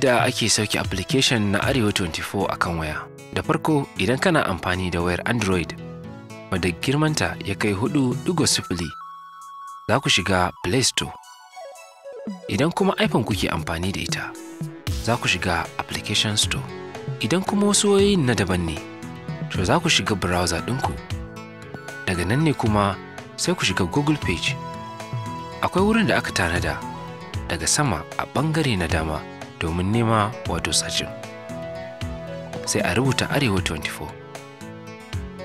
yadda ake sauke application na Arewa 24 kan waya. Da farko idan kana amfani da wayar Android, wadda girmanta ya kai 4.0, za ku shiga Play Store. Idan kuma iPhone kuke amfani da ita, za ku shiga Application Store. Idan kuma wasu wayoyin na daban ne, to za ku shiga browser ɗinku. Daga nan ne kuma sai ku shiga Google Page. Akwai wurin da aka tanada daga sama a ɓangare na dama. domin nema wato sacin sai a rubuta arewa 24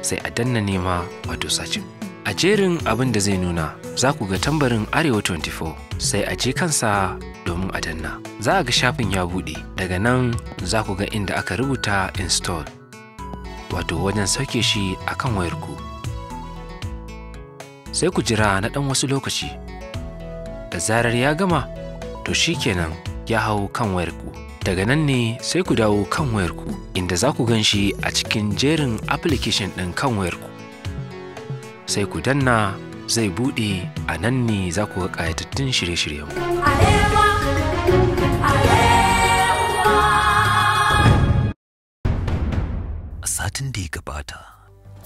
sai a danna nema wato sacin a jerin abin da zai nuna za ku ga tambarin arewa 24 sai a je kansa domin a danna za a ga shafin ya buɗe daga nan za ku ga inda aka rubuta install wato wajen sauke shi a akan wayarku sai ku jira na ɗan wasu lokaci da zarar ya gama to shi kenan ya hau kan wayarku. Daga nan ne sai ku dawo kan wayarku inda za ku gan shi a cikin jerin application ɗin kan wayarku. Sai ku danna zai buɗe a nan ne za ku ga ƙayatattun shirye-shiryenmu. A satin da ya gabata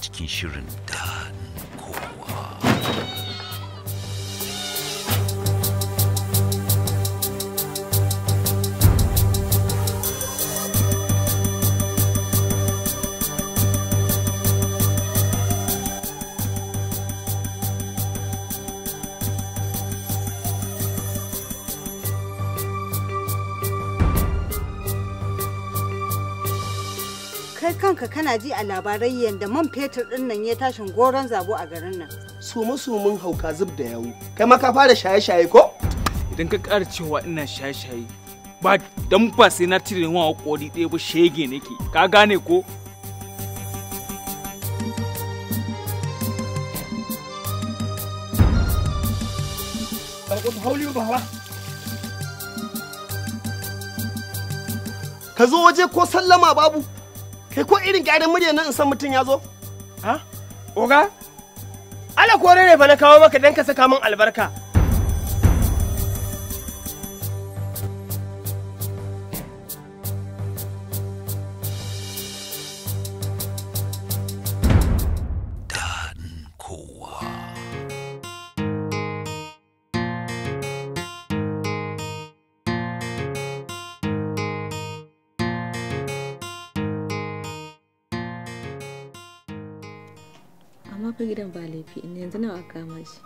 cikin shirin da kanka kana ji a labarai yadda man fetur din nan ya tashin goron zabo a garin nan. Sumu sumun hauka zub da yawu. Kai ma ka fara shaye-shaye ko? Idan ka ƙara cewa ina shaye-shaye ba dan ba sai na cire wa kori ɗaya ba shege nake. Ka gane ko? Ka zo waje ko sallama babu? kai ko irin gyaran murya nan in san mutum ya zo ha oga ala kore ne fa na kawo maka dan ka saka min albarka yanzu nawa kama shi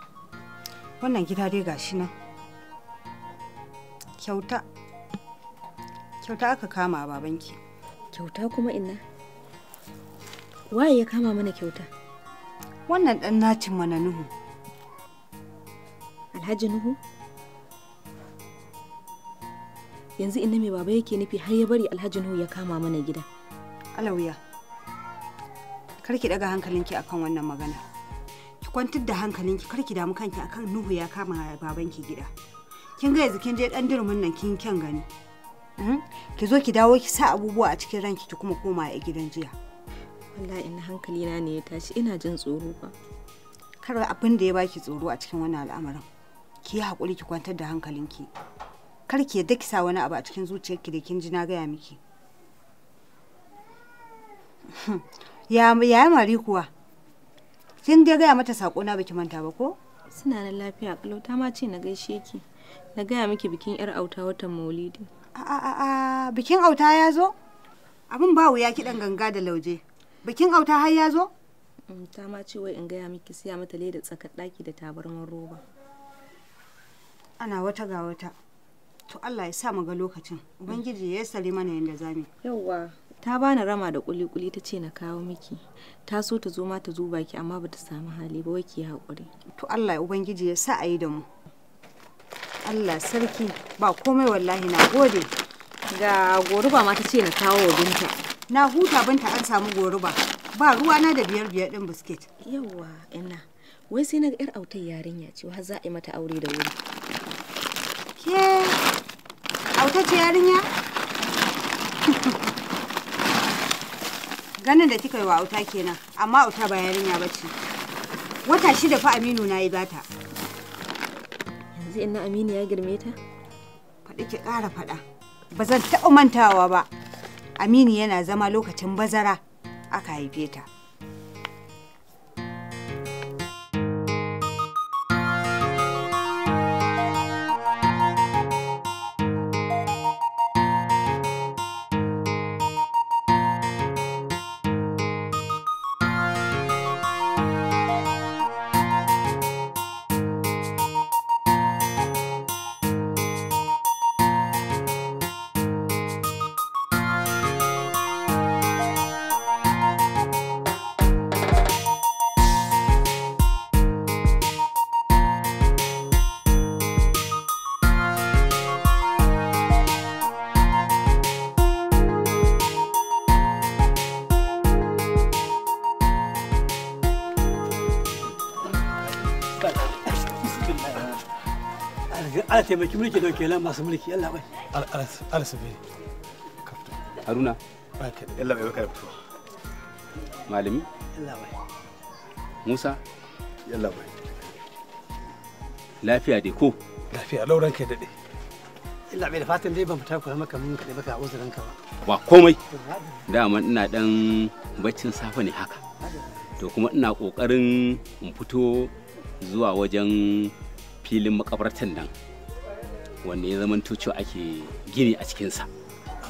wannan gida dai gashi nan kyauta kyauta aka kama a babanki kyauta kuma ina waye ya kama mana kyauta wannan dan nacin mana nuhu alhaji nuhu yanzu ina mai baba yake nufi har ya bari alhaji nuhu ya kama mana gida alawiya kar ki daga hankalinki akan wannan magana kwantar da hankalin kar ki damu kanki akan Nuhu ya kama babanki gida. Kin ga yanzu kin je dan durumin nan kin kyan gani. Hmm? Ki zo ki dawo ki sa abubuwa a cikin ranki ki kuma koma a gidan jiya. Wallahi ina hankali na ne ya tashi ina jin tsoro ba. Kar abin da ya baki tsoro a cikin wannan al'amarin. Ki yi hakuri ki kwantar da hankalinki. Kar ki yadda ki sa wani abu a cikin zuciyarki da kin ji na gaya miki. Ya ya mari kuwa. kin dai gaya mata sako na biki manta ba ko suna nan lafiya kalau ta ma ce na gaishe ki na gaya miki bikin yar auta watan maulidi a a a bikin auta ya zo abin ba wuya dan ganga da lauje bikin auta har ya zo mm, ta ma ce wai in gaya miki siya mata leda tsakar daki da tabarman roba ana wata ga wata to Allah ya sa mu ga lokacin ubangiji ya sare mana yanda zamu yawwa ta bani rama da kuli-kuli ta ce na kawo miki ta so ta zo ma ta zuba ki amma bata samu hali ba waki haƙuri to Allah ubangiji ya sa a yi da mu Allah sarki ba komai wallahi na gode ga goruba ma ta ce na kawo wa binta na huta binta an samu goruba ba ruwa na da biyar biyar din biskit yawa ina wai sai na ga yar autai yarinya ce har za a yi mata aure da wuri ke autace yarinya ganin da kika yi wa auta kenan amma auta ba yarinya ba ce wata shida fa aminu na yi bata yanzu ina aminu ya girme ta faɗi ki ƙara faɗa ba zan taɓa mantawa ba aminu yana zama lokacin bazara aka haife ta taimaki mulki da wakilan masu mulki Allah bai bai kafto haruna ba ka Allah bai baka fito malami Allah bai musa Allah bai lafiya dai ko lafiya lauran kai dade Allah bai da fatan dai ban fita kuma maka mun kade baka uzurin ka ba ba komai dama ina dan baccin safe ne haka to kuma ina kokarin in fito zuwa wajen filin makabartan nan wanda ya zama cewa ake gini a cikinsa.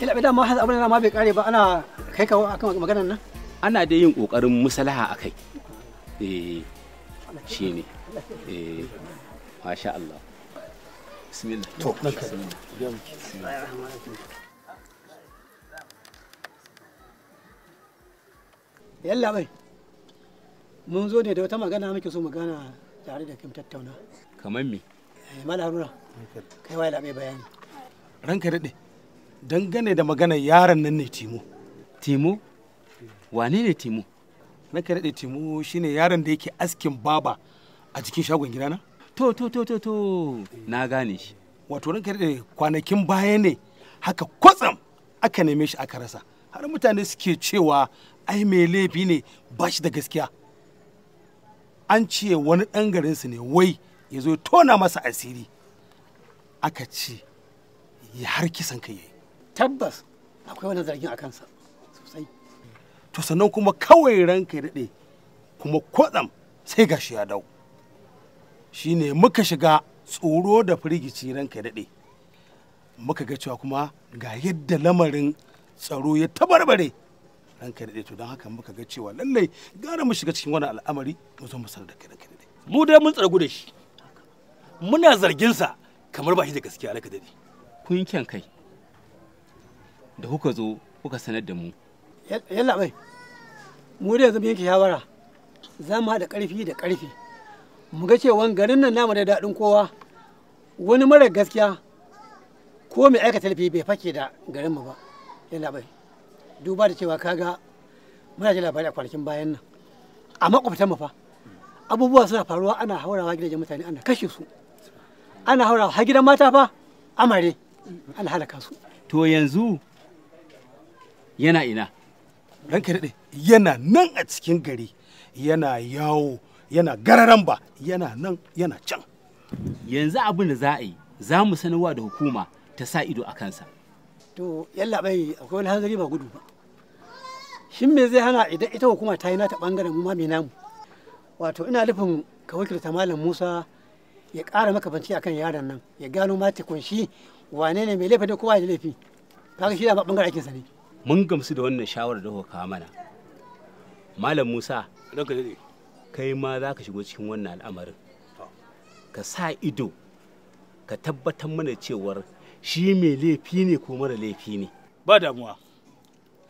Ila bai dama har abin da ma bai kare ba ana kai kawo akan maganar nan? Ana dai yin kokarin musalaha a kai. Eh shi ne. Eh masha Allah. Bismillah. To, Yalla bai. Mun zo ne da wata magana muke so magana tare da kim tattauna. Kamar me? Eh, Mala Haruna. kai wai bayani ranka dangane da magana yaron nan ne timo timo wane ne timo ranka daɗe timo shine yaron da yake askin baba a cikin shagon gidana to to to to to na gane shi wato ranka daɗe kwanakin baya ne haka kwatsam aka neme shi aka rasa har mutane suke cewa ai mai laifi ne ba shi da gaskiya an ce wani ɗan garinsu ne wai ya zo tona masa asiri aka ce ya har kisan kai yayi tabbas akwai wani zargin a kansa sosai to sannan kuma kawai ranka daɗe kuma kwatsam sai gashi ya dau shine muka shiga tsoro da firgici ranka daɗe muka ga cewa kuma ga yadda lamarin tsaro ya tabarbare ranka daɗe to don haka muka ga cewa lallai gara mu shiga cikin wani al'amari mu zo mu sanar da kai ranka daɗe mu dai mun tsargu da shi muna zarginsa kamar ba shi da gaskiya alaka dadi kun kyan kai da kuka zo kuka sanar da mu yalla bai mu da yanzu yanke shawara za mu haɗa ƙarfi da ƙarfi mu ga cewa garin nan namu da daɗin kowa wani mara gaskiya ko mai aikata laifi bai fake da garin mu ba yalla bai duba da cewa kaga muna ji labari a kwanakin bayan nan a makwabtan mu fa abubuwa suna faruwa ana haurawa gidajen mutane ana kashe su ana haura har gidan mata fa amare ana halaka su to yanzu yana ina ranka daɗe yana nan a cikin gari yana yawo yana gararan ba yana nan yana can yanzu abin da za a yi za mu sanarwa da hukuma ta sa ido a kansa to yalla bai akwai wani hanzari ba gudu ba shin me zai hana idan ita hukuma ta yi nata bangaren mu ma mai namu wato ina nufin ka wakilta malam musa ya ƙara maka a akan yaron nan ya gano ma kunshi wane ne mai laifi da kowa da laifi kaga shi da bangaren aikinsa ne mun gamsu da wannan shawarar da kuka mana malam musa kai ma za ka shigo cikin wannan al'amarin ka sa ido ka tabbatar mana cewar shi mai laifi ne ko mara laifi ne ba damuwa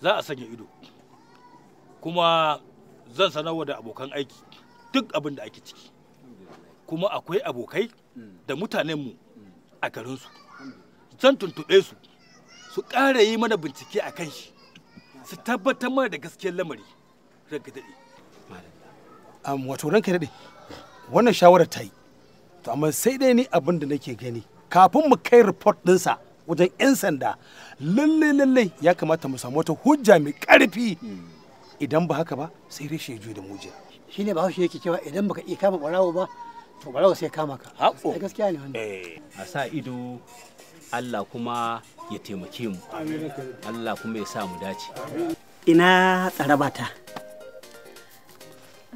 za a sanya ido kuma zan sanarwa da abokan aiki duk abin da ake ciki kuma akwai abokai mm. da mutanenmu mm. a garinsu zan tuntuɓe su su ƙara yi mana bincike a kan shi su tabbatar mana da gaskiyar lamari ranka daɗe wato ranka daɗe wannan shawarar ta yi to amma sai dai ni abin da nake gani kafin mu kai report ɗinsa wajen 'yan sanda lallai lallai ya kamata mu samu wata hujja mai ƙarfi hmm. idan ba haka ba sai rashe ya da mujiya shine ba yake cewa idan baka iya kama ɓarawo ba to barawo sai kama ka haƙo gaskiya ne wannan eh. a sa ido Allah kuma ya taimake mu Allah kuma ya sa mu dace ina tsarabata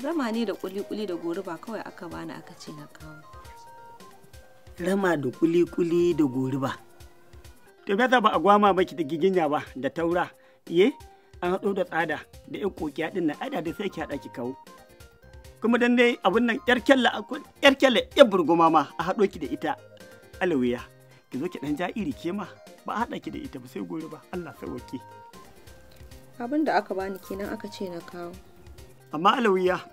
rama ne da kuli-kuli da gori ba kawai aka bani aka ce na kawo rama da kuli-kuli da gori ba to gaza ba a gwama baki da giginya ba da taura ye eh, an haɗo da tsada da yan kokiya ɗin na ada da sai ki haɗa ki kawo kuma dan dai abun nan yar kyalla yar kyalla yar burguma ma a haɗo ki da ita alawiya ki zo ki dan ja iri ke ma ba a haɗa ki da ita ba sai gobe ba Allah wake abin da aka bani kenan aka ce na kawo amma alawiya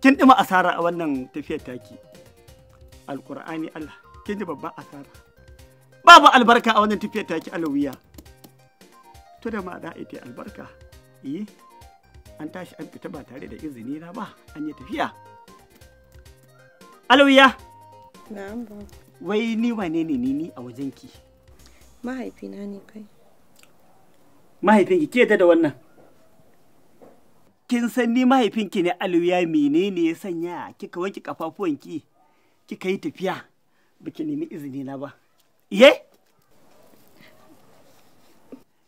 kin dima asara a wannan tafiyar taki alqur'ani Allah kin ji babban asara babu albarka a wannan tafiyar taki alawiya to da ma da ita albarka eh an tashi an fita ba tare da izini na ba an yi tafiya alawiya na'am ba wai ni wane ne ni a wajenki mahaifina ne kai ki ke da wannan kin san ni mahaifinki ne alawiya menene ya sanya kika wanke kafafuwanki kika yi tafiya baki nemi izini na ba iye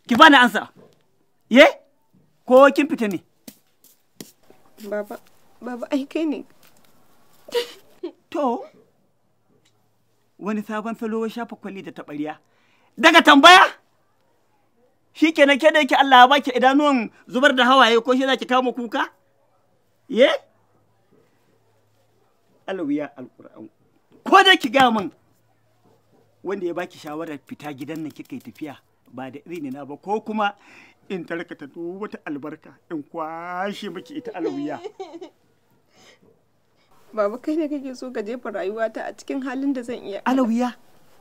ki bani ansa Ye? ko kin fita ne Baba, baba ai kai ne. To, wani sabon salo ya shafa kwali da taɓarya. Daga tambaya? Shi ke na da yake Allah ya baki idanuwan zubar da hawaye ko shi za ki kama kuka? Ye? Alawiya alƙur'an. Ko da ki gaya min wanda ya baki shawarar fita gidan nan kika yi tafiya ba da irin na ba ko kuma in ta duk wata albarka in kwashe miki ita alawiya Baba kai ne kake so ka jefa rayuwata a cikin halin da zan iya. Alawiya.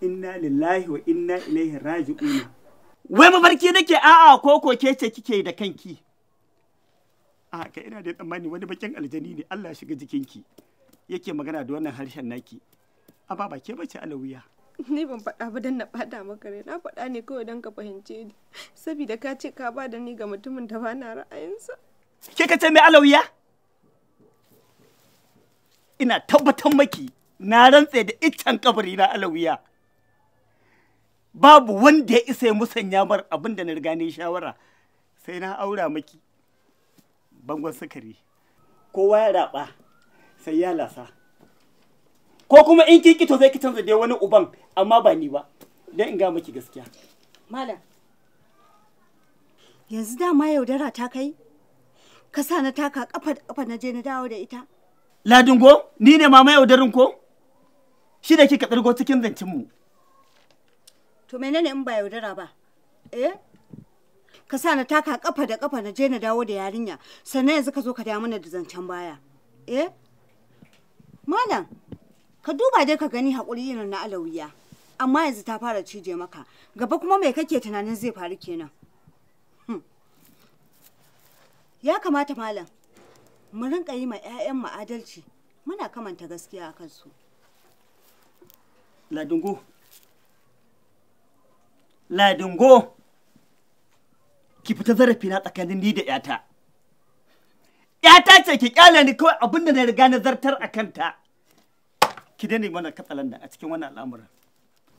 Inna lillahi wa inna ilaihi raji'un. Wai mafarki nake a'a ko ko ke ce kike da kanki. A ka ina da tsammani wani bakin aljani ne Allah shiga jikinki. Yake magana da wannan harshen naki. A ba ke bace alawiya. ni ban faɗa ba don na faɗa maka rai na faɗa ne kawai don ka fahimce ni saboda ka ce ka ba da ni ga mutumin da ba na ra'ayinsa ke ka ce mai alawiya ina tabbatar maki na rantse da iccen kabari na alawiya babu wanda ya isa ya musanya mar abin da na riga ne shawara sai na aura maki bangon sukari kowa ya raba sai ya lasa ko kuma in kin to zai ki canza dai wani uban amma ba ni ba dan in ga miki gaskiya malam yanzu dama yaudara ta kai ka sa na taka kafa da kafa na je na dawo da ita ladingo ni ne mama yaudarin ko shi da kika tsirgo cikin zancin mu to menene in ba yaudara ba eh ka sa na taka kafa da kafa na je na dawo da yarinya sannan yanzu ka zo ka dawo mana da zancen baya eh malam Ka duba dai ka gani haƙuri irin na alawiya. Amma yanzu ta fara cije maka. Gaba kuma mai kake tunanin zai faru kenan? Hmm. Ya kamata malam, mu rinka yi ma 'ya'yanmu adalci. Muna kamanta gaskiya a kansu. Ladungo. Ladungo. Ki fita zarafina tsakanin ni da 'yata. ‘yata ce ki kyale ni kawai abun da na riga na zartar a kanta. ki dane mana katsalan nan a cikin wannan al'amuran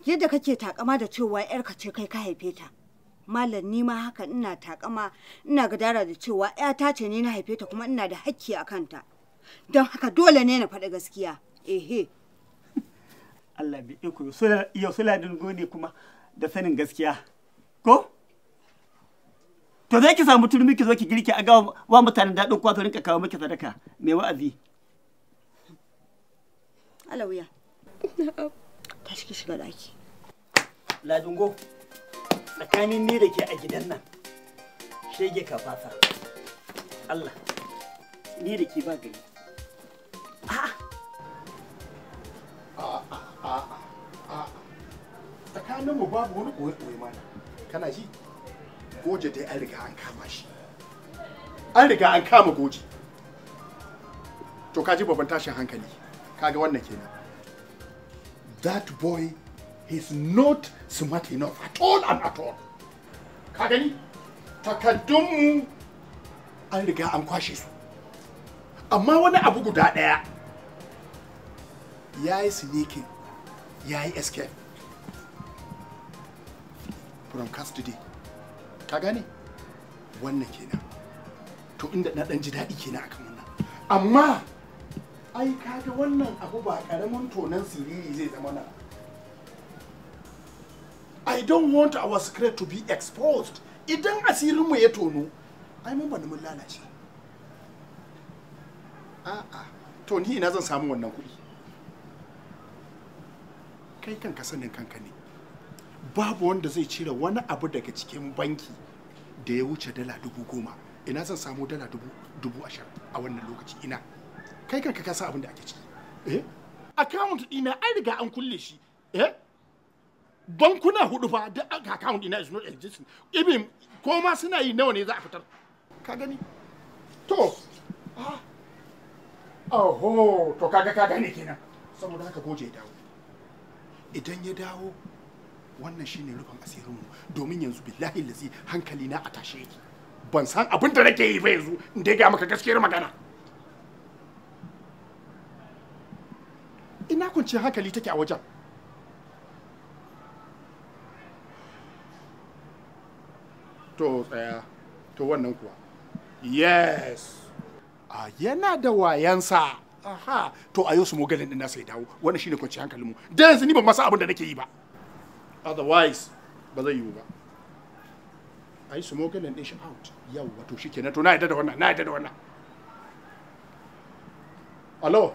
yadda kake takama da cewa yarka ce kai ka haife ta malam ni ma haka ina takama ina gadara da cewa yata ce ne na haife ta kuma ina da hakki a kanta don haka dole ne na faɗi gaskiya ehe Allah bi iko yau sula gode kuma da sanin gaskiya ko to zai ki samu turmi ki zo ki girki a gawa wa mutanen daɗin kwazo rinka kawo miki sadaka mai wa'azi alawiya tashi ki shiga daki ladungo tsakanin ni da ke a gidan nan shege ka fasa Allah ni da ke ba gari tsakanin mu babu wani koyi-koyi mana kana ji goje dai an riga an kama shi an riga an kama goje to ka ji babban tashin hankali kaga wannan kenan that boy is not smart enough at all and at all ka gani takaddunmu an riga an kwashe su amma wani abu guda ɗaya ya yi sneaking ya yi escape from custody ka gani wannan kenan to inda na ɗan ji daɗi kenan akan wannan amma ai kaga wannan abu ba karamin tonan siriri zai zama na i don't want our secret to be exposed idan asirinmu ya tono ai mun bani mun lalace a'a to ni ina zan samu wannan kuɗi kai kanka sanin kanka ne babu wanda zai cire wani abu daga cikin banki da ya wuce dala dubu goma ina zan samu dala dubu ashirin a wannan lokaci ina kai kanka ka san abin da ake ciki eh account dina an riga an kulle shi eh bankuna hudu fa da account dina is not existing even ko ma suna yi nawa ne za a fitar ka gani to ah oho to kaga ka gane kenan saboda haka goje dawo idan ya dawo wannan shi ne rufin asirinmu domin yanzu billahi lazi hankali na a tashe ban san abin da nake yi ba yanzu in dai ga maka gaskiyar magana ina kunci hankali take a wajen to tsaya to wannan kuwa yes a yana da wayansa aha to a yau su mogalin din nasa ya dawo wannan shine kwanci hankalin mu da yanzu ni ban masa abin da nake yi ba otherwise ba zai yiwu ba a yi su mogalin din shi out yau wato kenan to na yadda da wannan na yadda da wannan alo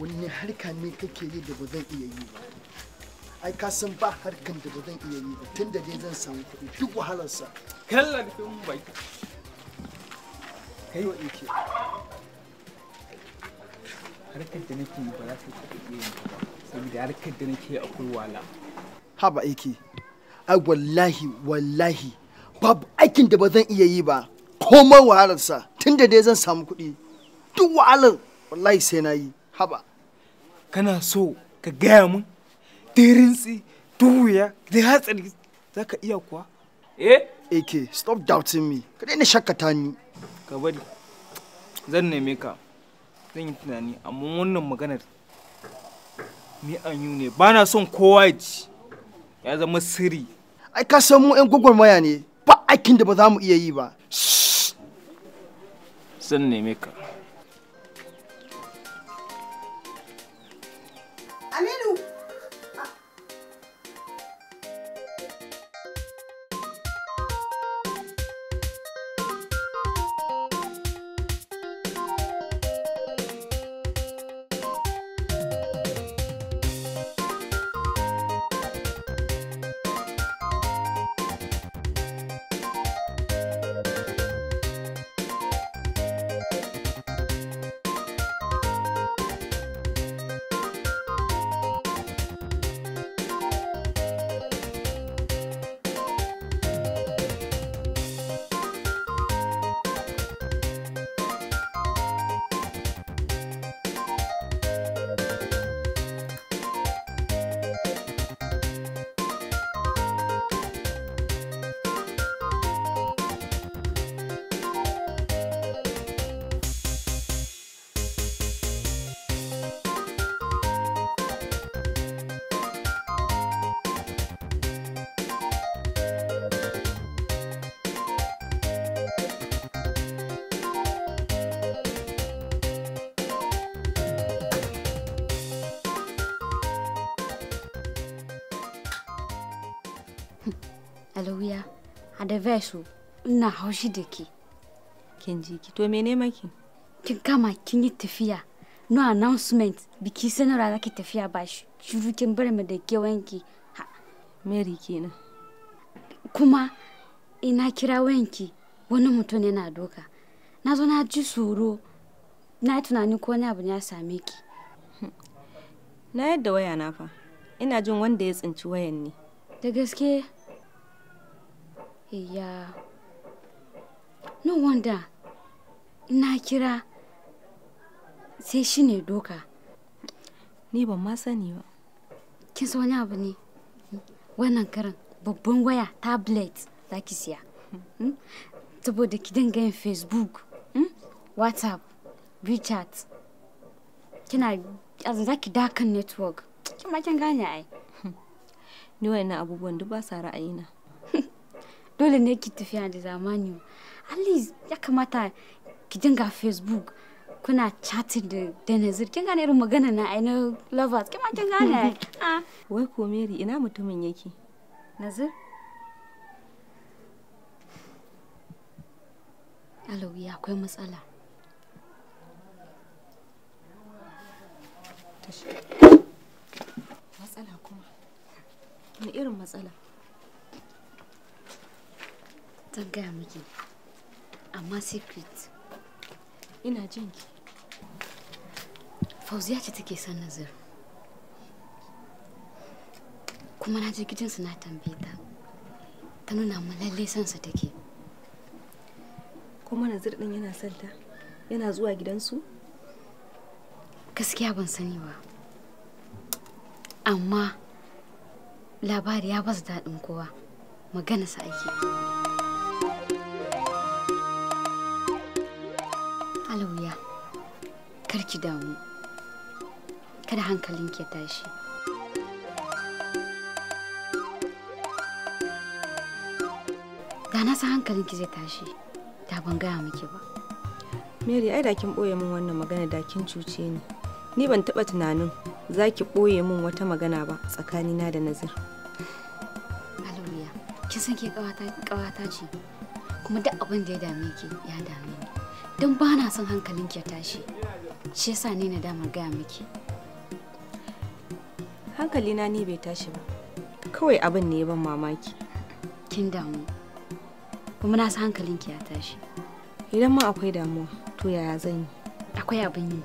wani harka ne kake yi da ba zan iya yi ba ai ka san ba harkan da ba zan iya yi ba tun da dai zan samu kuɗi duk wahalarsa kalla da mun bai kai wa yake harkar da nake yi ba za ta iya yin ba saboda harkar da nake akwai wala ha ba aiki ai wallahi wallahi babu aikin da ba zan iya yi ba komai wahalarsa tun da dai zan samu kuɗi duk wahalar wallahi sai na yi haba kana so ka gaya min dirintsi duwuya da hatsari za ka iya kuwa eh ak stop doubting me ka daina shakata ni ka bari zan neme ka zan yi tunani amma wannan maganar ni an ne ba na son kowa ji ya zama sirri ai ka san mu 'yan gwagwarmaya ne ba aikin da ba za mu iya yi ba zan neme ka Allez, loup Alawiya, vesu ina haushi da ke. Kin ji ki, to me ne maki? Kin kama kin yi tafiya. No announcement, biki sanarwa ki tafiya ba shi. Shiru kin bar mu da kewanki. Mary kenan. Kuma ina kira wanki wani mutum yana doka. Na zo na ji tsoro. Na yi tunani ko wani abu ya same ki. Na yadda waya na fa. Ina jin wanda ya tsinci wayan ne. Da gaske Iya. No wonder ina kira sai shi ne doka. Ni ban ma sani ba. Kin san wani abu ne? Wannan karin babban waya tablet za ki siya. Hmm? Saboda ki dinga yin Facebook, hmm? WhatsApp, WeChat. Kina azan za ki dakan network. Kin ma kin gane ai. Hmm. Ni wayannan abubuwan duk ba sa ra'ayina. dole ne ki tafiya da zamani at least ya kamata ki dinga facebook kuna chatting da denizir kin gane irin magana na ai na lovers kima kin gane ah wai ko mary ina mutumin yake nazir alawi akwai matsala matsala kuma na irin matsala zan gaya miki amma secret ina jin ki fauziya ce take son nazir kuma na je gidansu na tambaye ta ta nuna mu lalle son sa take kuma nazir din yana son ta yana zuwa gidansu gaskiya ban sani ba amma labari ya basu daɗin kowa sa ake ki damu kada ki ya tashi da na san ki zai tashi da ban gaya miki ba mary ai da kin ɓoye min wannan magana da kin cuce ni ni ban taɓa tunanin za ki ɓoye min wata magana ba tsakanina da nazir kin san ke kawata ce kuma duk abin da ya dame ki ya dame ni don ba na son hankalinki ya tashi shi yasa ni na damar gaya miki na ni bai tashi ba kawai abin ne ban mamaki kin damu kuma na san hankalinki ya tashi idan ma akwai damuwa to yaya zan yi akwai abin yi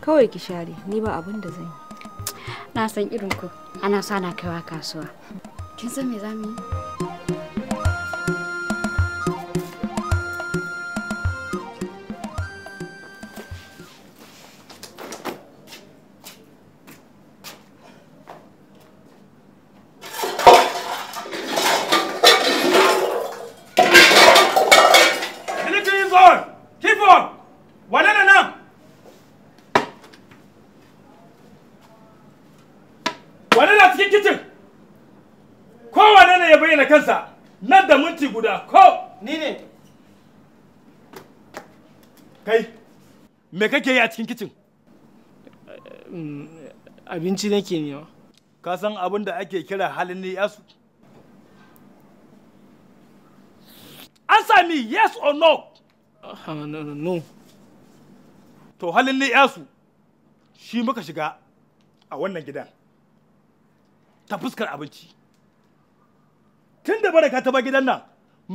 kawai ki share ni ba abin da zan yi na san irin ku ana sa na kaiwa kasuwa kin san me za mu yi kowane ne ya bayyana kansa nan da minti guda ko ni ne kai me kake yi a cikin kicin eh, abinci nake nema ka san abin da ake kira halin ni yasu an sami yes or ah, no to halin ni yasu shi muka shiga a wannan gidan ta fuskar abinci tun da baraka ta ba gidan nan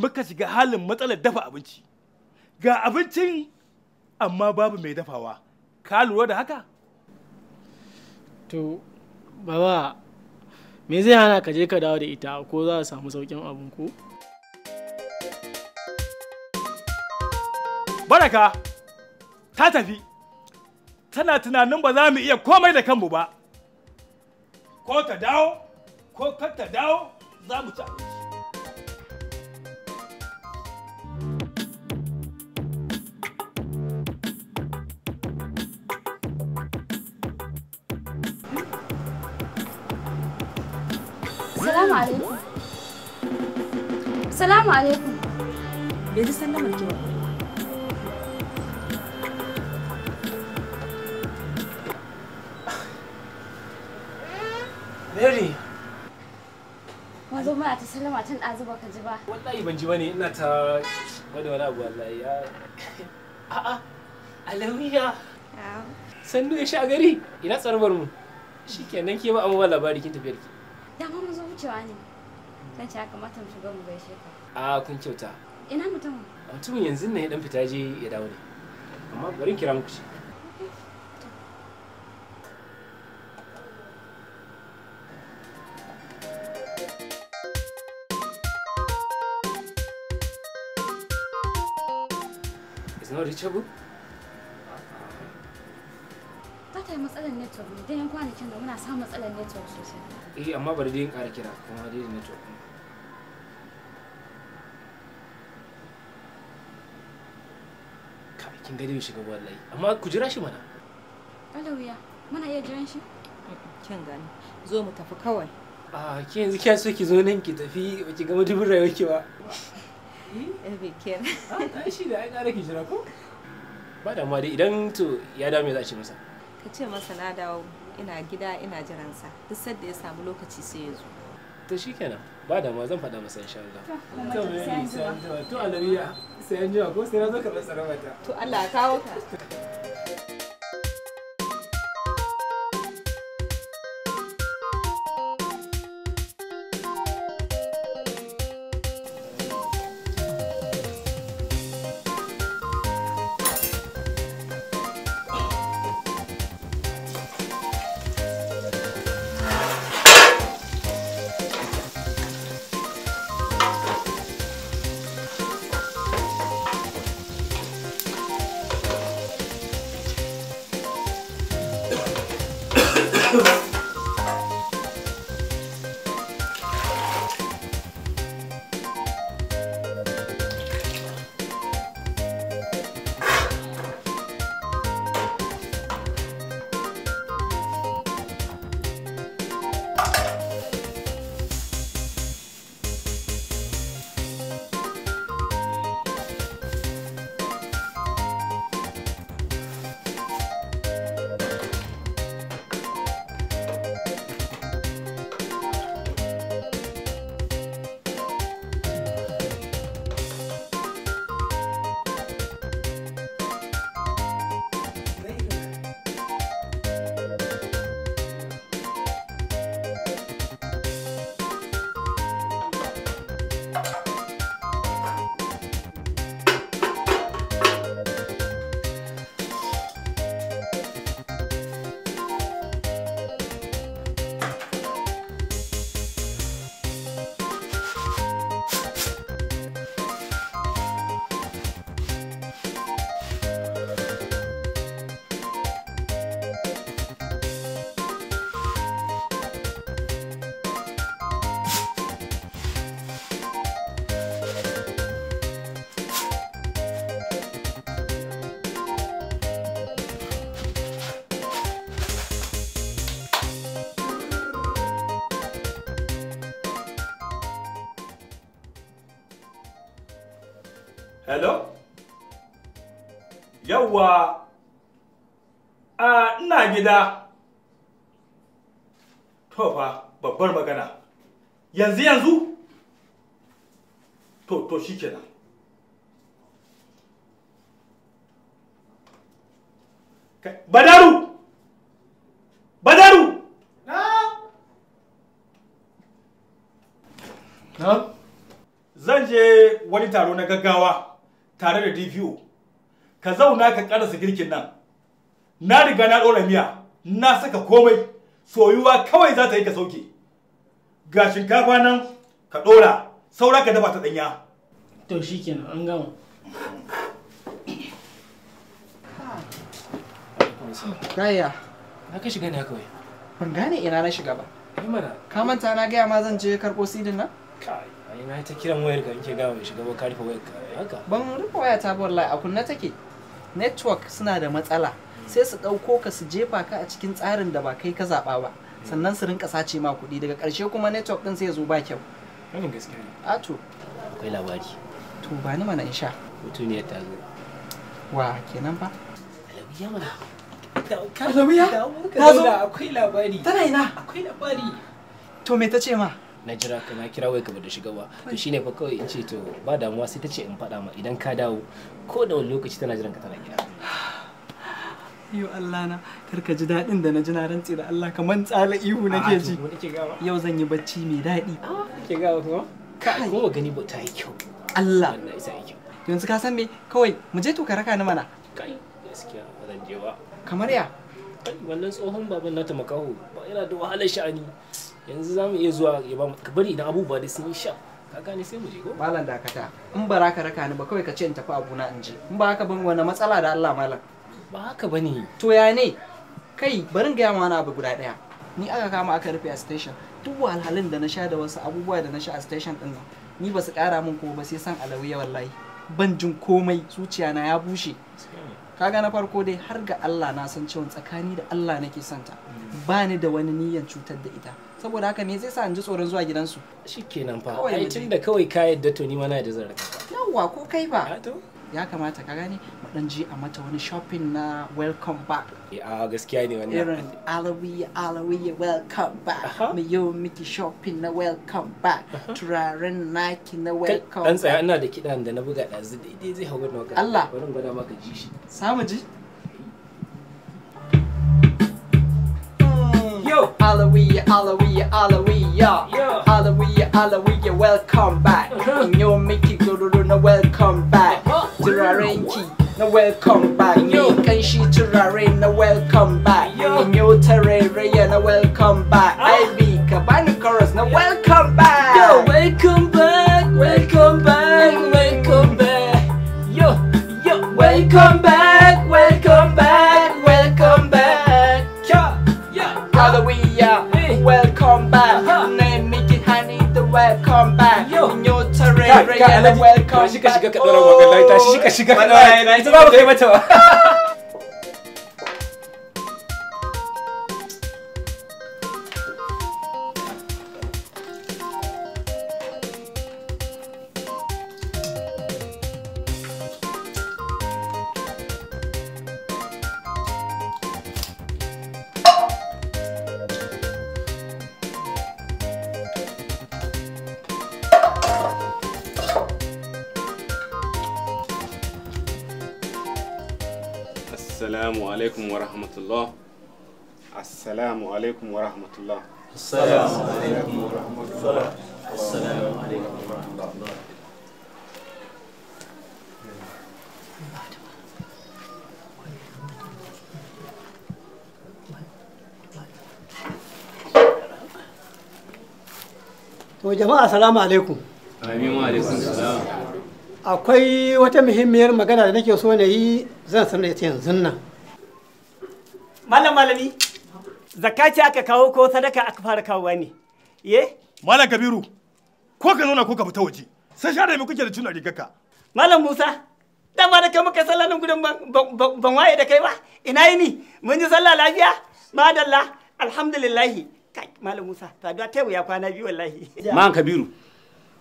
muka shiga halin matsalar dafa abinci ga abincin amma babu mai dafawa ka lura da haka to baba me zai hana ka je ka dawo da ita ko za a samu saukin abin ko baraka ta tafi tana tunanin ba za mu iya komai da kanmu ba ko ta dawo ko ka ta dawo za mu ci abinci Assalamu alaikum. Bai ji sallamar ki ba. Mary. Wazo ma ta sallama tun ɗazu ba ka ji ba. Wallahi ban ji bane ina ta wani wani abu wallahi ya. A'a, alawiya. Sannu ya sha gari ina tsarbar mu. Shikenan ke ba amma ba labari kin tafiyar ki. Dama mun zo wucewa ne. Dan ci haka matan shiga mu gaishe ka. a kun kyauta ina mutumin mutum yanzu ne ya dan fita je ya dawo ne amma bari kira muku shi is not reachable? ta yi matsalar network ne don yan kwanakin da muna samun matsalar network sosai. Eh amma bari dai in ƙara kira kuma dai network. kin gani bai shiga wallahi amma ku jira shi mana alawiya muna iya jiran shi kin gani zo mu tafi kawai a ki yanzu ke so ki zo nan ki tafi ba ki gama dubin rayuwar ki ba eh bai kira a shi da ai gara ki jira ko ba da ma dai idan to ya dame za a ci masa ka ce masa na dawo ina gida ina jiransa duk sadda ya samu lokaci sai ya zo to shikenan ba da ma zan faɗa masa insha Allah to alariya sai an jiwa ko sai na zo karɓar mata. to Allah kawo ka hello yawwa a ah, ina gida to fa babbar magana yanzu yanzu to to kenan, badaru badaru na na zan je wani taro na gaggawa tare da dvo ka zauna ka karasa girkin nan na riga na ɗora miya na saka komai soyuwa kawai za ta yi ka sauke ga shinkafa nan ka ɗora saura ka dafa ta ɗanya to shikenan an gama Gaya. Na ka shiga ne kawai. Ban gane ina na shiga ba. Ka manta na gaya ma zan je karɓo sidin nan? Kai. ina ta kiran wayar ka nke gawa shiga ba ka rufe wayar ka haka ban rufe waya ta wallahi a kunna take network suna da matsala sai su ɗauko ka su jefa ka a cikin tsarin da ba kai ka zaɓa ba sannan su rinka sace ma kuɗi daga ƙarshe kuma network ɗin sai ya zo ba kyau wannan gaskiya ne a to akwai labari to ba ni mana in sha mutuniyar ta zo wa kenan ba alawiya mana alawiya ta zo akwai labari tana ina akwai labari to me ta ce ma na jira ka na kira wai ka bada shiga ba to shine fa kawai in ce to ba damuwa sai ta ce in faɗa ma idan ka dawo ko da wani lokaci tana jiran ka tana gida yau Allah na karka ji daɗin da na ji na rantse da Allah kamar tsala ihu nake ji yau zan yi bacci mai daɗi ke gawa kuma ka kuma gani ba ta yi kyau Allah na isa yi kyau yanzu ka san me kawai mu je to ka raka ni mana kai gaskiya ba zan je ba kamar ya wannan tsohon baban ta makaho yana da wahalar sha'ani yanzu za mu iya zuwa ya ba mu ka bari idan abubuwa da sun yi sha ka gane sai mu je ko malam dakata in ba ka raka ni ba kawai ka ce in tafi na, in je in ba haka ban wani matsala da Allah malam ba haka bane to ya ne kai barin gaya ma wani abu guda daya ni aka kama aka rufe a station duk wahalhalun da na sha da wasu abubuwa da na sha a station din nan ni ba su kara min ko ba sai san alawiya wallahi ban jin komai zuciya na ya bushe kaga na farko dai har ga Allah na san cewa tsakani da Allah nake santa ba ni da wani niyyar cutar da ita saboda haka me zai sa in ji tsoron zuwa gidansu Shi kenan fa ai tun da kawai ka yadda to ni ma na yadda zan raka yawwa ko kai ba ya kamata ka gane mu dan je a mata wani shopping na welcome back eh, a gaskiya ne wannan irin alawiya alawiya welcome back mu yi miki shopping na welcome back turaren naki na welcome dan tsaya ina da kidan da na buga dazu daidai zai hawo na Allah bari gwada maka ji shi samu ji Halloween, Halloween, Halloween, yeah. yeah. Halloween, Halloween, yeah, welcome back. Uh-huh. In Your Mickey, Dororo, no welcome back. Uh-huh. Turarenki, no welcome back. Yo. Me, Kenshi, Turaren, no welcome back. In your Terere, yeah, no welcome back. I- shiga alhaji ka shiga ka dora wallahi ta shiga ka dora ta ba kai mata ba السلام عليكم ورحمة الله السلام عليكم ورحمة الله To jama'a salamu alaikum. Amin wa alaikum salam. Akwai wata muhimmiyar magana da nake so na yi zan sanar da yanzu nan. Malam malami. zakaci ce aka kawo ko sadaka aka fara kawowa ne ye eh? malam kabiru ko ka zauna ko ka fita waje sai share mu kuke da tuna rigarka malam musa dan ma da kai muka sallah nan gudan ban waye da kai ba ina yini mun yi sallah lafiya madalla alhamdulillah kai malam musa da ta ya kwana biyu wallahi malam kabiru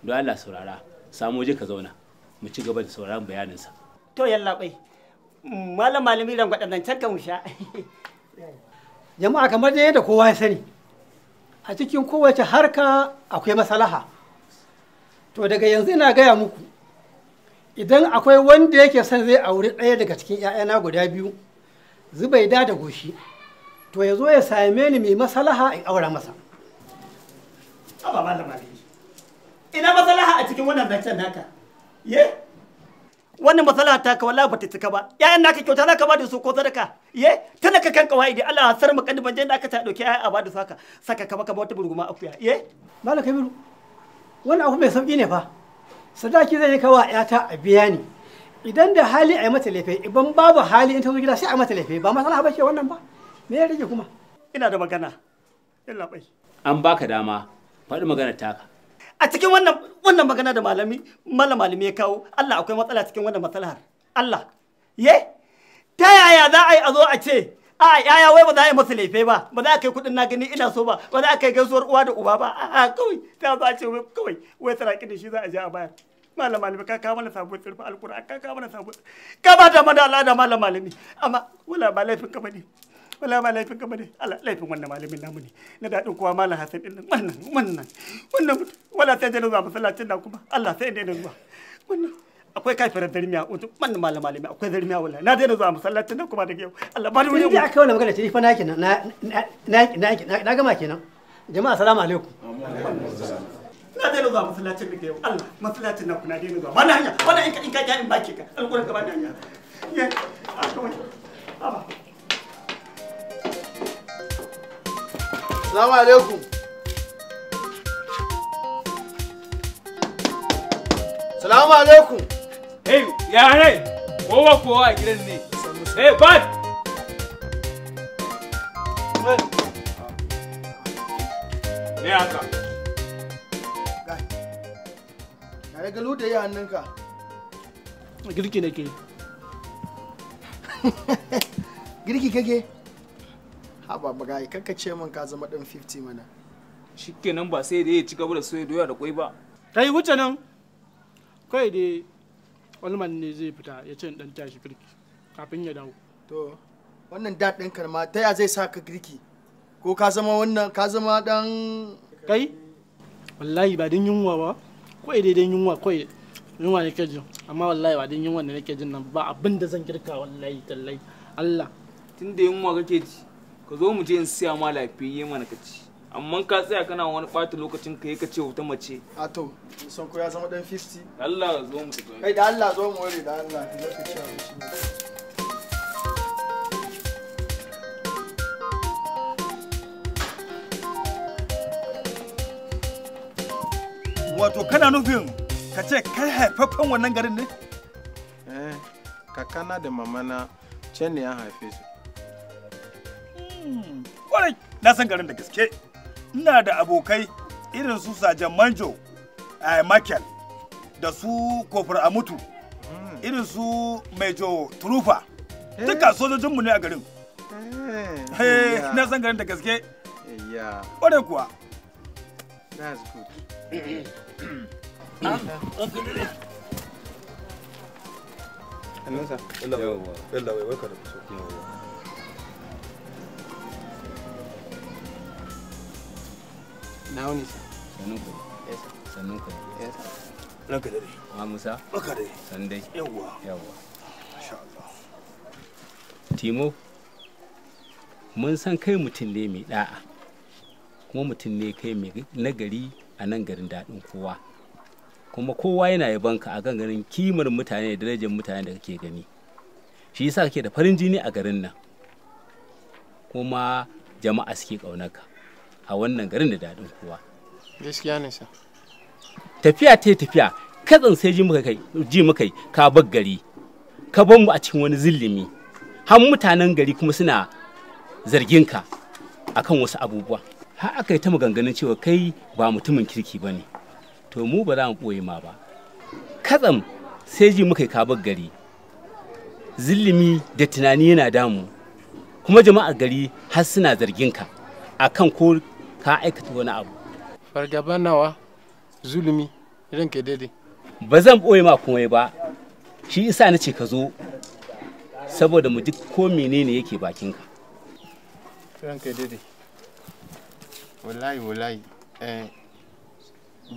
don Allah saurara samu waje ka zauna mu ci gaba da sauraron bayaninsa to yalla bai malam malami ran gwadannan can ka mu yeah. jama'a kamar da yadda kowa ya sani a cikin kowace harka akwai masalaha to daga yanzu ina gaya muku idan akwai wanda yake son zai auri ɗaya daga cikin 'ya'yana guda biyu zubaida da goshi to ya zo ya same ni mai masalaha in aura masa ina masalaha a cikin wannan zancen naka ye wannan matsala ta ka wallahi ta cika ba yayan naka kyauta za ka bada su ko sadaka ye ka kan kawaidi Allah hasar mu ban jin da ka ta dauki yaya a da su haka saka ka baka wata burguma akuya ye mala biro wani abu mai sauki ne fa sadaki zai kawo yata a biya ni idan da hali a yi mata laifi idan babu hali in ta zo gida sai a mata laifi ba matsala ba ce wannan ba me ya rage kuma ina da magana illa bai an baka dama faɗi magana taka a cikin wannan wannan magana da malami mala malami ya kawo Allah akwai matsala cikin wannan matsalar Allah ye ta yaya za a yi a zo a ce a yaya wai ba za a yi masu laifai ba ba za a kai kudin na gani ina so ba ba za a kai gaisuwar uwa da uba ba a kawai ta za a ce kawai wai saraki da shi za a je a bayar malam malami ka kawo mana sabuwar tsirfa alkur'an ka kawo mana sabuwar ka ba da mana al'ada malam malami amma wala ba laifin ka bane wala ba laifin ka bane ala laifin wannan malamin namu ne na dadin kowa malam hasan din nan wannan wannan wannan wala sai da zuwa masallacin da kuma Allah sai da zuwa wannan akwai kafirar darmiya wato wannan malam malami akwai darmiya wala na dai daina zuwa masallacin da kuma da yau Allah ba da ne da aka wani magana ce fa na kenan na na na gama kenan jama'a assalamu alaikum na dai daina zuwa masallacin da yau Allah masallacin na kuna daina zuwa wani hanya wani in ka in ka ga in baki ka alƙur'an ka ba da hanya ya akwai kawai Salamu alaikum. Salamu alaikum. Hey, ya rai. Kowa kowa a gidan ne. Hey, bad. Me haka? Ga. Ga lude hannunka. Girki nake. Girki kake? haba bagayi kakka ce min ka zama dan 50 mana shikenan ba sai da ya ci gaba da soya doya da kwai ba kai wuce nan kai dai olman ne zai fita ya ce dan tashi girki, kafin ya dawo to wannan daɗin karma ta ya zai saka girki? ko ka zama wannan ka zama dan kai wallahi ba din yunwa ba kai dai dan yunwa kai yunwa ne jin amma wallahi ba din yunwa ne nake jin nan ba abin da zan girka, wallahi tallai Allah tunda yunwa kake ji ka zo mu je in siya ma lafiyayye mana ka ci amma ka tsaya kana wani ɓata lokacin ka yi ka ce wata mace a to son ko ya zama dan 50 Allah zo mu tafi kai da Allah zo mu wuri da Allah ki zo ki ci abinci wato kana nufin ka ce kai haifaffen wannan garin ne? eh kakana da mamana can ne ya haife su Kwarai, na san garin da gaske. Ina da abokai irin su Sajan Manjo, eh, makel da su Kofar Amutu, hmm. irin su Mejo Turufa. Eh. Duka sojojinmu ne a garin. Eh. Na san garin da gaske. Kwarai kuwa. That's good. timo mun san kai mutum ne mai da'a kuma mutum ne kai mai nagari a nan garin daɗin kowa kuma kowa yana yabanka a kan garin kimar mutane da darajar mutane da kake gani shi yasa kake da farin jini a garin nan kuma jama'a suke ƙaunarka a wannan garin da daɗin kowa gaskiya ne sa tafiya ta yi tafiya katsin sai ji muka kai ka bar gari ka bar mu a cikin wani zillimi har mutanen gari kuma suna zargin ka a kan wasu abubuwa har aka yi ta maganganun cewa kai ba mutumin kirki ba ne to mu ba za mu ɓoye ma ba katsam sai ji muka ka bar gari zillimi da tunani yana damu kuma jama'ar gari har suna zargin ka a kan ko ka aikata wani abu fargaba nawa zulumi idan daidai ba zan ɓoye ma komai ba shi isa na ce ka zo saboda mu duk ko menene yake bakinka ranka daidai wallahi wallahi eh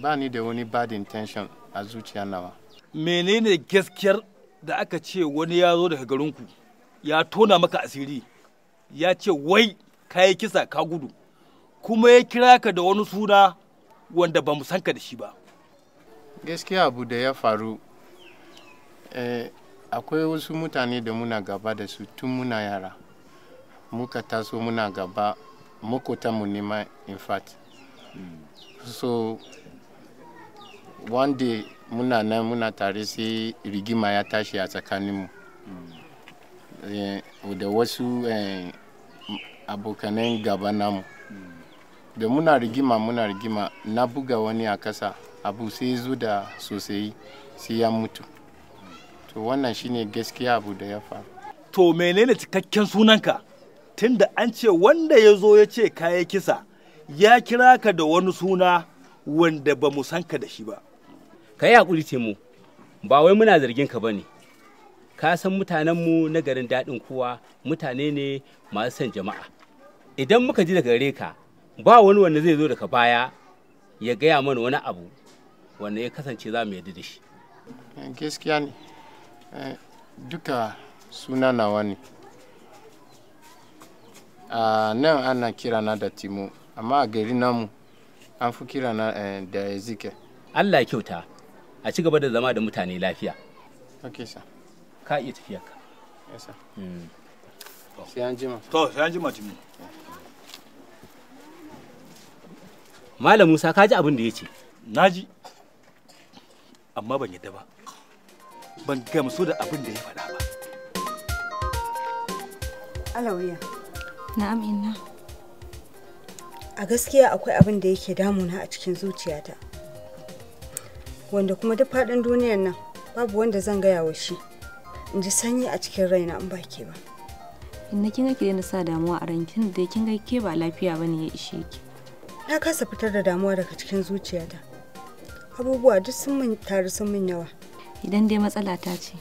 ba ni da wani bad intention a zuciya nawa menene gaskiyar da aka ce wani ya zo daga garinku ya tona maka asiri ya ce wai kayi kisa ka gudu kuma ya kira ka da wani suna wanda ba mu ka da shi ba gaskiya abu da ya faru eh, akwai wasu mutane da muna gaba da su tun muna yara muka taso muna gaba makota mu nema in fact so one day muna nan muna tare sai rigima ya tashi a tsakaninmu eh, da wasu eh, abokanan gaba namu da muna rigima muna rigima na buga wani a kasa abu sai zo da sosai sai ya mutu to wannan shine gaskiya abu da ya faru to menene cikakken sunanka tunda an ce wanda ya zo ya ce kaya kisa ya kira ka da wani suna wanda ba mu san ka da shi ba ka yi haƙuri mu ba wai muna zargin ka ba ne ka san mutanenmu na garin daɗin kowa mutane ne masu son jama'a idan muka ji daga gare ka ba wani wanda zai zo daga baya ya gaya mana wani abu wanda ya kasance za mu yadda da shi eh, gaskiya ne eh, duka suna nawa ne a nan ana kira na da timo amma a gari namu an fi kira na eh, da ezike allah kyauta a ci gaba da zama da mutane lafiya ok sir ka iya tafiya ka yes sir hmm. sai an jima to sai an jima timo Malam Musa ka ji abin da ya ce. Na ji, amma ban yadda ba. Ban gamsu da abin da ya faɗa ba. Alawiya. Na'am inna. A gaskiya akwai abin da yake damuna a cikin zuciyata. Wanda kuma duk faɗin duniyar nan babu wanda zan gaya wa shi. In ji sanyi a cikin raina in ba ke ba. Inna kin ga ki sa damuwa a rankin da kin ga ke ba lafiya bane ya ishe ki. na kasa fitar da damuwa daga cikin zuciyata abubuwa duk sun min taru sun min yawa idan dai matsala ta ce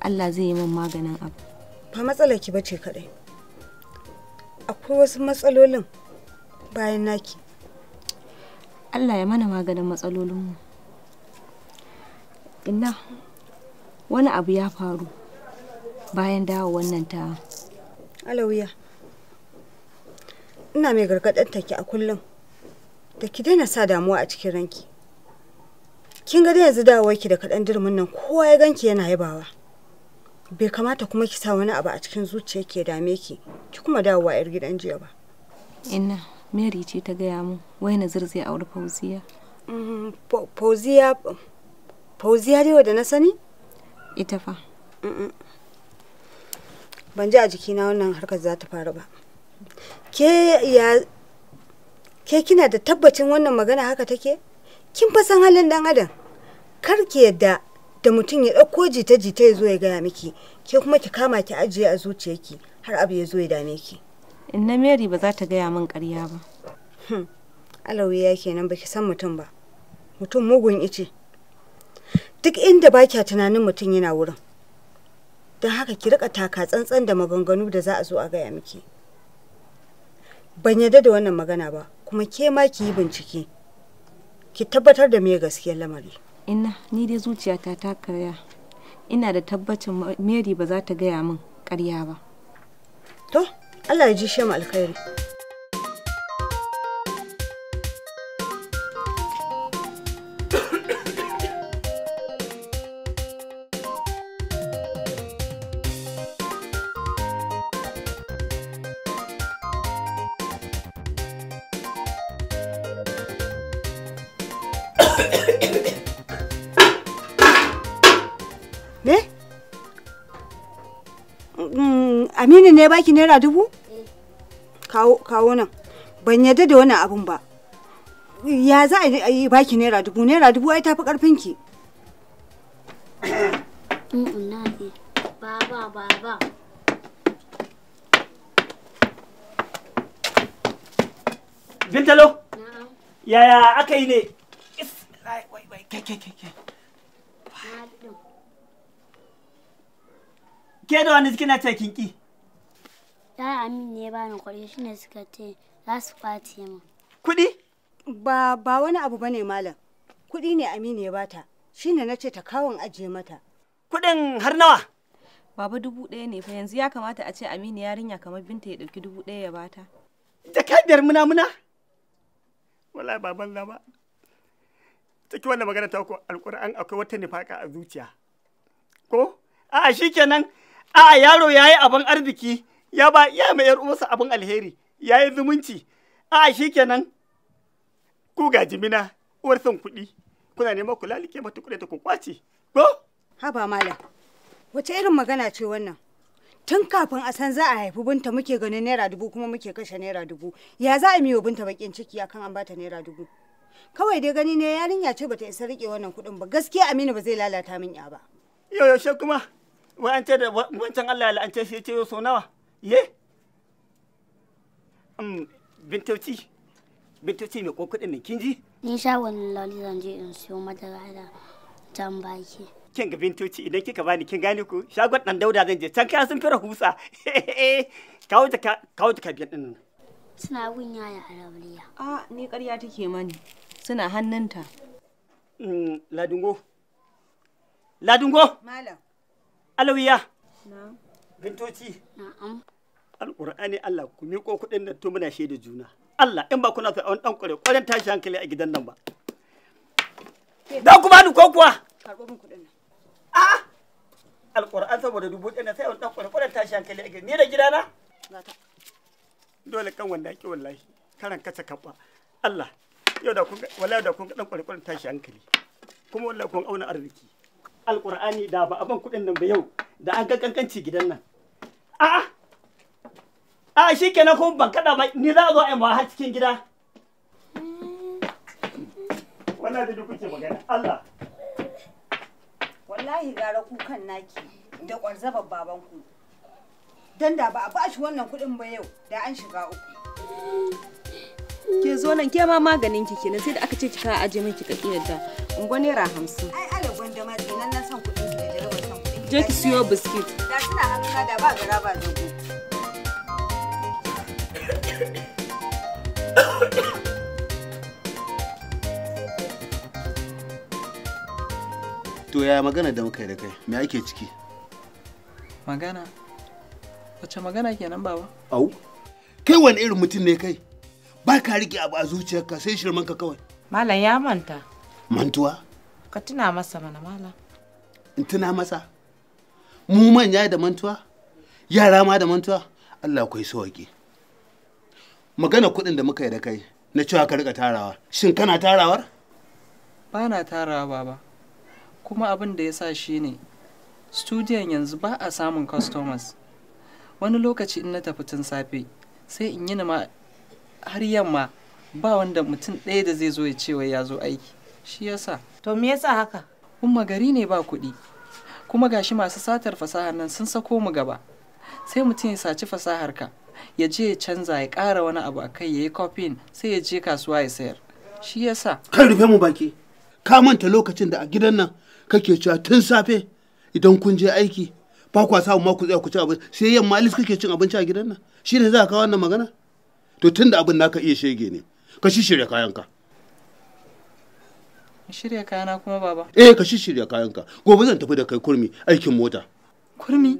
allah zai yi min maganin abu ba matsala ki bace kadai akwai wasu matsalolin bayan naki allah ya mana maganin matsalolinmu inna wani abu ya faru bayan dawo wannan ta alawiya ina mai gargaɗar take a kullum da ki daina sa damuwa a cikin ranki kin ga da yanzu dawowar ki da kaɗan dirmin nan kowa ya ganki yana yabawa bai kamata kuma ki sa wani abu a cikin zuciya ke dame ki ki kuma dawowa yar gidan jiya ba ina mary ce ta gaya mu wai na zai auri fauziya mm-hmm, fauziya fauziya dai wadda na sani ita fa ban ji a jikina wannan harkar za ta faru ba ke ya ke kina da tabbacin wannan magana haka take kin fa san halin dan adam kar ki yadda da mutum ya ɗauko jita-jita ya zo ya gaya miki ke kuma ki kama ki ajiye a zuciyarki har abu ya zo ya dame ki inna mary ba za ta gaya min ƙarya ba hmm. ya kenan baki san mutum ba mutum mugun ice duk inda ba kya tunanin mutum yana wurin don haka ki rika taka tsantsan da maganganu da za a zo a gaya miki ban yarda da wannan magana ba kuma ke ma ki yi bincike ki tabbatar da me gaskiyar lamari ina ni dai zuciyata ta karya ina da tabbacin mary ba za ta gaya min karya ba to allah ya ji shema alkhairi miki naira dubu? Kawo nan. Ban yadda da wannan abun ba. Ya za a yi baki naira dubu? Naira dubu ai tafi karfinki. ki. Bintalo? Yaya aka yi ne? Ke da wani kina ce kinki? Yaya Amin ne ya bani kuɗi ne suka ce za su kwace mu. Kuɗi? Ba ba wani abu ba ne malam. Kuɗi ne Aminu ya bata. ne na ce ta kawon ajiye mata. Kuɗin har nawa? Baba dubu ɗaya ne fa yanzu ya kamata a ce Aminu yarinya kamar Binta ya ɗauki dubu ɗaya ya bata. Da ka biyar muna muna? Wala baban zama. Take wannan magana ta ku alƙur'an akwai wata nifaka a zuciya. Ko? A'a kenan. A'a yaro yayi abin arziki. ya ba iya mai yar uwarsa abin alheri ya yi zumunci a shi kenan ku ga jimina uwar son kuɗi kuna neman ku lalike mata kuɗi ta ku kwace ko haba malam wace irin magana ce wannan tun kafin a san za a haifi binta muke ganin naira dubu kuma muke kashe naira dubu ya za a miyo binta bakin ciki akan an bata naira dubu kawai dai gani ne yarinya ce bata isa rike wannan kuɗin ba gaskiya aminu ba zai lalata min ya ba yau yaushe kuma wa'ance da wancan allah ya la'ance shi ce so nawa ye bintauci bintauci mai kokudin nan kin ni sha wani lali zan je in siyo madara da jan baki kin ga bintoci idan kika bani kin gane ku shagon dan dauda zan je can kaya sun fira husa kawo ta kawo ta kabiyan din suna gun yaya arabiya a ni ƙarya take mani suna hannunta mm, ladungo ladungo malam alawiya na'am Bintoci. Na'am. Alƙur'ani Allah ku miƙo kuɗin nan to muna shaida juna. Allah in ba kuna sa wani ɗan ƙware ƙwaren tashi hankali a gidan nan ba. Dan ku bani ko kuwa? Karɓo min kuɗin nan. A'a. Alƙur'an saboda dubu ɗaya na sai wani ɗan ƙware tashi hankali a gidan. Ni da gidana? Dole kan wanda ake wallahi. Karan kasa kaɓa. Allah. Yau da kun wallahi da kun ɗan ƙware ƙwaren tashi hankali. Kuma wallahi kun auna arziki. Alƙur'ani da ba a ban kuɗin nan ba yau. Da an ga kankanci gidan nan. a a shi kenan kuma ban kada ba ni za a zo a yi ma har cikin gida wannan da duk kuke magana Allah wallahi gara kukan naki da kwarzabar babanku don da ba a ba shi wannan kuɗin ba yau da an shiga uku ke zo nan ke ma maganin ki kenan sai da aka ce kika ka aje min ki kaki yadda in gwa naira hamsin Je ki siyo biskit. Da suna hannuna da ba gara ba zago. To yaya magana da muka yi da kai? Me ake ciki? Magana? Wace magana kenan bawa? Au. Kai wani irin mutum ne kai? Ba ka rike abu a zuciyarka sai shirmanka kawai. Malam ya manta. Mantuwa? Ka tuna masa mana malam. In tuna masa? mu manya da mantuwa yara ma da mantuwa Allah akwai sauki magana kuɗin da muka yi da kai na cewa ka rika tarawa shin kana tarawar ba na tarawa baba kuma abin da ya sa shi ne studiyon yanzu ba a samun customers wani lokaci in na tafi tun safe sai in yi ma har yamma ba wanda mutum ɗaya da zai zo ya cewa ya zo aiki shi yasa to me yasa haka umma gari ne ba kuɗi kuma gashi masu satar fasahar nan sun sako mu gaba sai mutum ya saci fasahar ka ya je ya canza ya kara wani abu a kai ya yi kofin sai ya je kasuwa ya sayar shi ya sa. kan rufe mu baki ka manta lokacin da a gidan nan kake cewa tun safe idan kun je aiki ba kwa samu ma ku tsaya ku ci abinci sai yamma alis kake cin abinci a gidan nan shi ne za ka kawo wannan magana to tun da abin naka iya shege ne ka shi shirya kayan ka. shirya kayana kuma baba eh ka shirya kayanka gobe zan tafi da kai kurmi aikin mota kurmi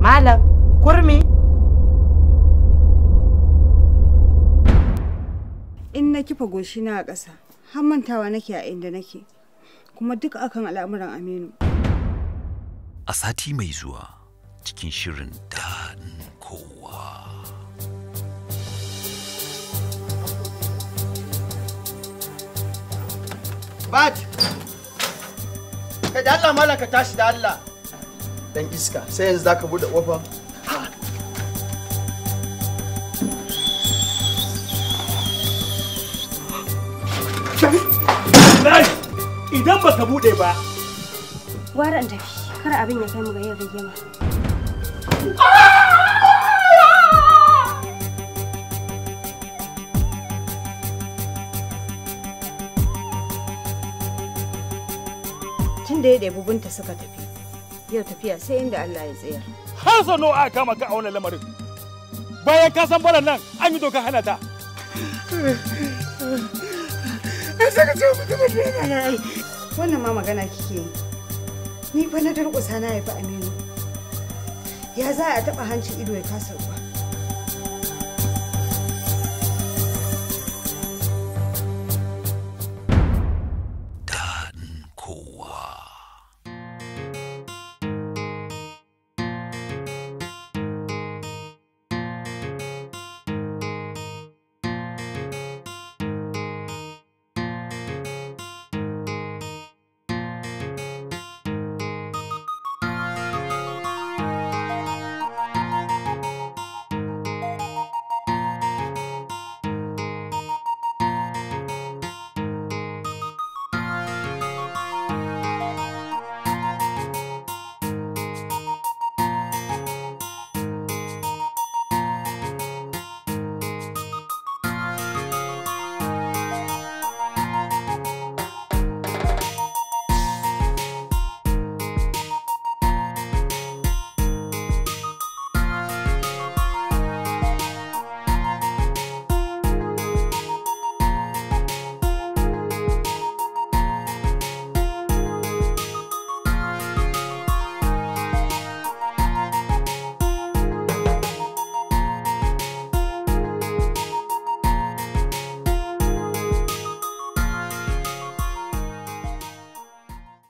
malam kurmi in na kifa goshi na a ƙasa har mantawa nake a inda nake kuma duk akan al'amuran aminu a sati mai zuwa cikin shirin daɗin kowa Bat! Kai da Allah mala ka tashi da Allah. Dan iska, sai yanzu za ka buɗe ƙofa. Idan ba ka buɗe ba. Waran tafi, kar abin ya kai mu ga yin rigima. Ah! inda ya ɗebi binta suka tafi yau tafiya sai inda Allah ya tsayar har sau nawa aka kama ka a wannan lamarin bayan ka san baran nan an yi doka hana ta an saka ce mutumin da yana nan wannan ma magana kike yi ni fa na durƙusa na haifi Aminu ya za a taɓa hancin ido ya kasa ruwa